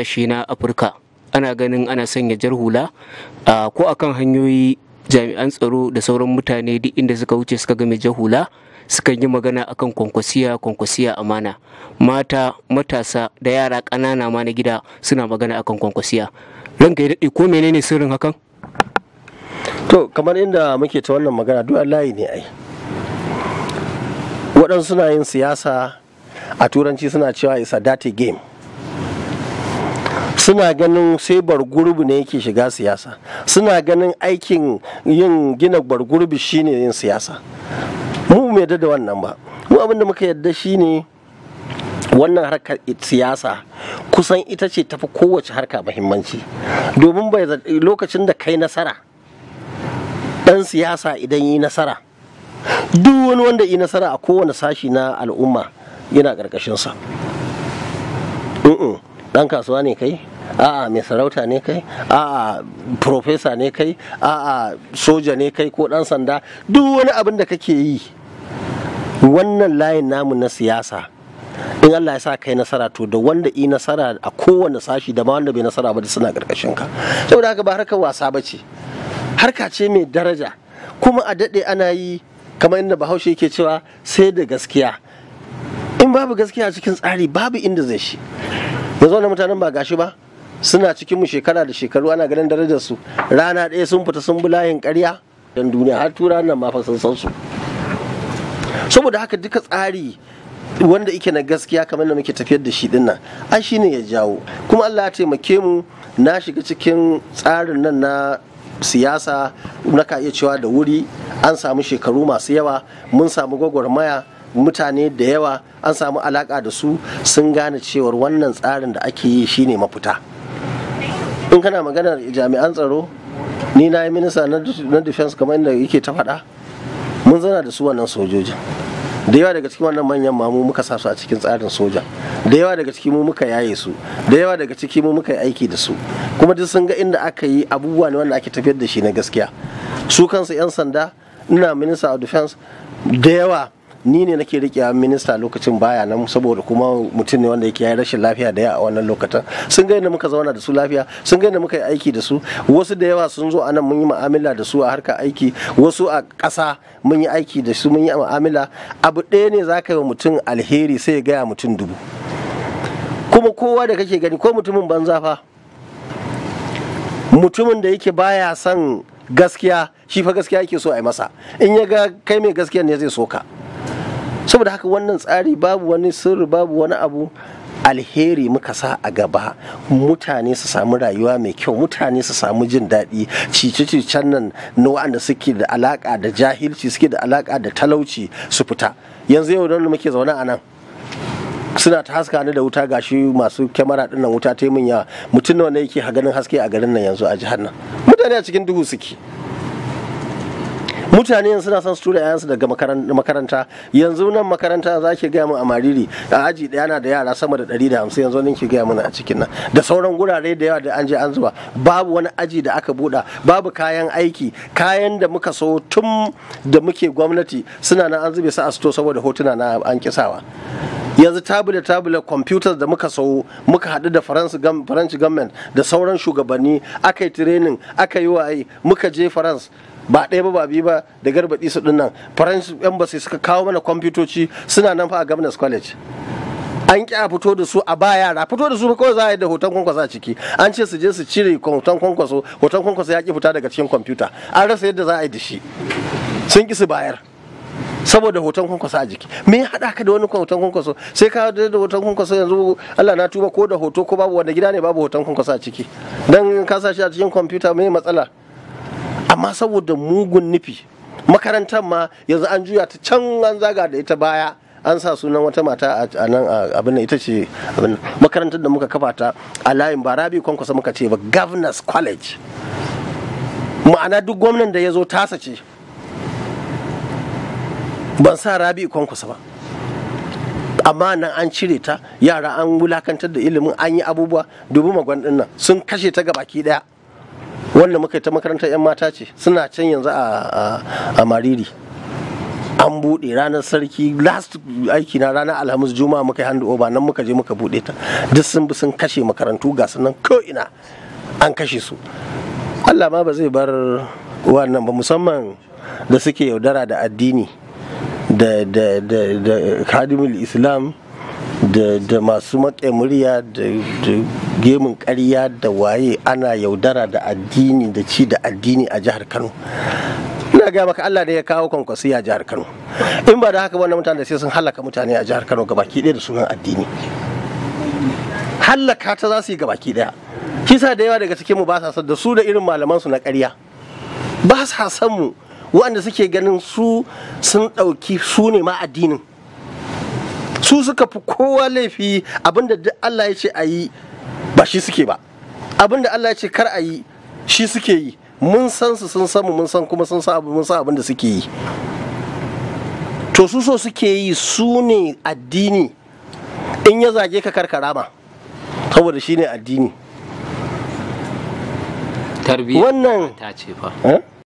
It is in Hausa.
kasashe na afirka ana ganin ana sanya jar hula ko akan hanyoyi jami'an tsaro da sauran mutane duk inda suka wuce suka ga mai jar hula sukan yi magana akan kwankwasiya kwankwasiya amana mata matasa da yara ƙanana ma na gida suna magana akan kwankwasiya ranka ya daɗe ko menene sirrin hakan to kamar inda muke ta wannan magana duk layi ne ai waɗansu suna yin siyasa a turanci suna cewa is a dirty game suna ganin sai bargurbi ne yake shiga siyasa suna ganin aikin yin gina bargurbi shine yin siyasa mu mai da wannan ba mu abinda muka yadda shine wannan harkar siyasa kusan ita ce tafi kowace harka muhimmanci domin bai lokacin da kai nasara dan siyasa idan yi nasara duk wani wanda yi nasara a kowane sashi na al'umma yana ƙarƙashinsa ɗan kasuwa ne kai a'a mai sarauta ne kai a'a profesa ne kai a'a soja ne kai ko dan sanda duk wani abin da kake yi wannan layin namu na siyasa in Allah ya sa kai nasara to da wanda i nasara a kowane sashi da ma wanda bai nasara ba da suna karkashin ka saboda haka ba harkar wasa ba ce harka ce mai daraja kuma a dade ana yi kamar inda bahaushe yake cewa sai da gaskiya in babu gaskiya cikin tsari babu inda zai shi yanzu wannan mutanen ba gashi ba suna cikin mu shekara da shekaru ana ganin darajar su rana ɗaya sun fita sun bi layin ƙarya dan duniya har tura nan ma fa san su saboda haka duka tsari wanda ike na gaskiya kamar da muke tafiyar da shi dinnan ai shine ya jawo kuma Allah ya taimake mu na shiga cikin tsarin nan na siyasa na ka iya cewa da wuri an samu shekaru masu yawa mun samu gwagwarmaya mutane da yawa an samu alaka da su sun gane cewar wannan tsarin da ake yi shine mafita in kana maganar jami'an tsaro ni na yi minista na defense kamar inda yake ta faɗa mun zana da su wannan sojojin da yawa daga cikin wannan manyan mamu muka sa su a cikin tsarin soja da yawa daga ciki mu muka yaye su da yawa daga ciki mu muka yi aiki da su kuma duk sun ga inda aka yi abubuwa ne wanda ake tafiyar da shi na gaskiya su kansu 'yan sanda ina minista of defense da yawa ni ne nake rike minista lokacin baya nan saboda kuma mutum ne wanda yake yayi rashin lafiya da yawa a wannan lokacin sun ga yadda muka zauna da su lafiya sun ga yadda muka yi aiki da su wasu da yawa sun zo a nan mun yi mu'amala da su a harkar aiki wasu a ƙasa mun yi aiki da su mun yi mu'amala abu ɗaya ne zaka yi wa mutum alheri sai ya gaya mutum dubu kuma kowa da kake gani ko mutumin banza fa mutumin da yake baya son gaskiya shi fa gaskiya yake so a yi masa in ya ga kai mai gaskiya ne zai so ka saboda haka wannan tsari babu wani sirri babu wani abu alheri muka sa a gaba mutane su samu rayuwa mai kyau mutane su samu jin daɗi cice-cicen nan na waɗanda suke da alaƙa da jahilci suke da alaƙa da talauci su fita yanzu yau don muke zaune a nan suna ta haska ni da wuta gashi masu kyamara ɗin nan wuta ta yi mutum nawa ne yake ganin haske a garin nan yanzu a jihar nan mutane a cikin duhu suke mutane suna son su tura yayansu daga makaranta yanzu nan makaranta za ki gaya mu a mariri a aji daya na da yara sama da ɗari da hamsin yanzu ninki gaya mana a cikin nan da sauran gurare da yawa da an je an zuba babu wani aji da aka buɗa babu kayan aiki kayan da muka so tun da muke gwamnati suna nan an zube su a sito saboda hotuna na an kisawa yanzu tabula tabula computers da muka sau muka haɗu da french government da sauran shugabanni aka yi training aka yi waye muka je france ba ɗaya ba ba biyu ba da garbaɗi su ɗin nan french embassy suka kawo mana kwamfutoci suna nan fa a governors college an ƙi a fito da su a ba yara fito da su ba kawai za a yi da hoton kwankwaso a ciki an ce su je su cire hoton kwankwaso hoton kwankwaso ya ƙi fita daga cikin kwamfuta an rasa yadda za a yi da shi sun ƙi su bayar saboda hoton kwankwaso a jiki me ya haɗa ka da wani hoton kwankwaso sai ka da hoton kwankwaso yanzu Allah na tuba ko da hoto ko babu wanda gida ne babu hoton kwankwaso a ciki dan ka sa shi a cikin kwamfuta me matsala amma saboda mugun nufi makarantar ma yanzu an juya ta can an zaga da ita baya an sa sunan wata mata a nan abin ita ce makarantar da muka kafa ta a layin barabi kwankwasa muka ce ba governors college ma'ana duk gwamnan da ya zo tasa ce ban sa rabi kwankwasa ba amma nan an cire ta yara an wulakantar da ilimin an yi abubuwa dubu magwan nan sun kashe ta gabaki daya wanda muka yi ta makarantar 'yan mata ce suna can yanzu a mariri an buɗe ranar sarki last aiki na ranar alhamis juma'a muka yi hand over nan muka je muka buɗe ta duk sun bi sun kashe makarantu ga sunan ko'ina an kashe su allah ma ba zai bar wannan ba musamman da suke yaudara da addini da da islam da masu maƙe murya da gemun karya da waye ana yaudara da addini da ci da addini a jihar kano ina gaya maka allah ne ya kawo kwankwasi a jihar kano in ba da haka wannan mutane sai sun halaka mutane a jihar kano gabaki ɗaya da sunan addini hallaka ta za su yi gabaki ɗaya kisa da yawa daga cikin mu ba sa son da su da irin malaman su na karya ba sa son mu waɗanda suke ganin su sun ɗauki su ne ma addinin su suka fi kowa laifi abinda duk Allah ya ce a yi ba shi suke ba abinda Allah ya ce kar a yi shi suke yi mun san su sun samu mun san kuma sun san abu mun san abin da suke yi to su so suke yi su ne addini in ya zage ka karkara ma saboda shi ne addini wannan ta ce fa eh?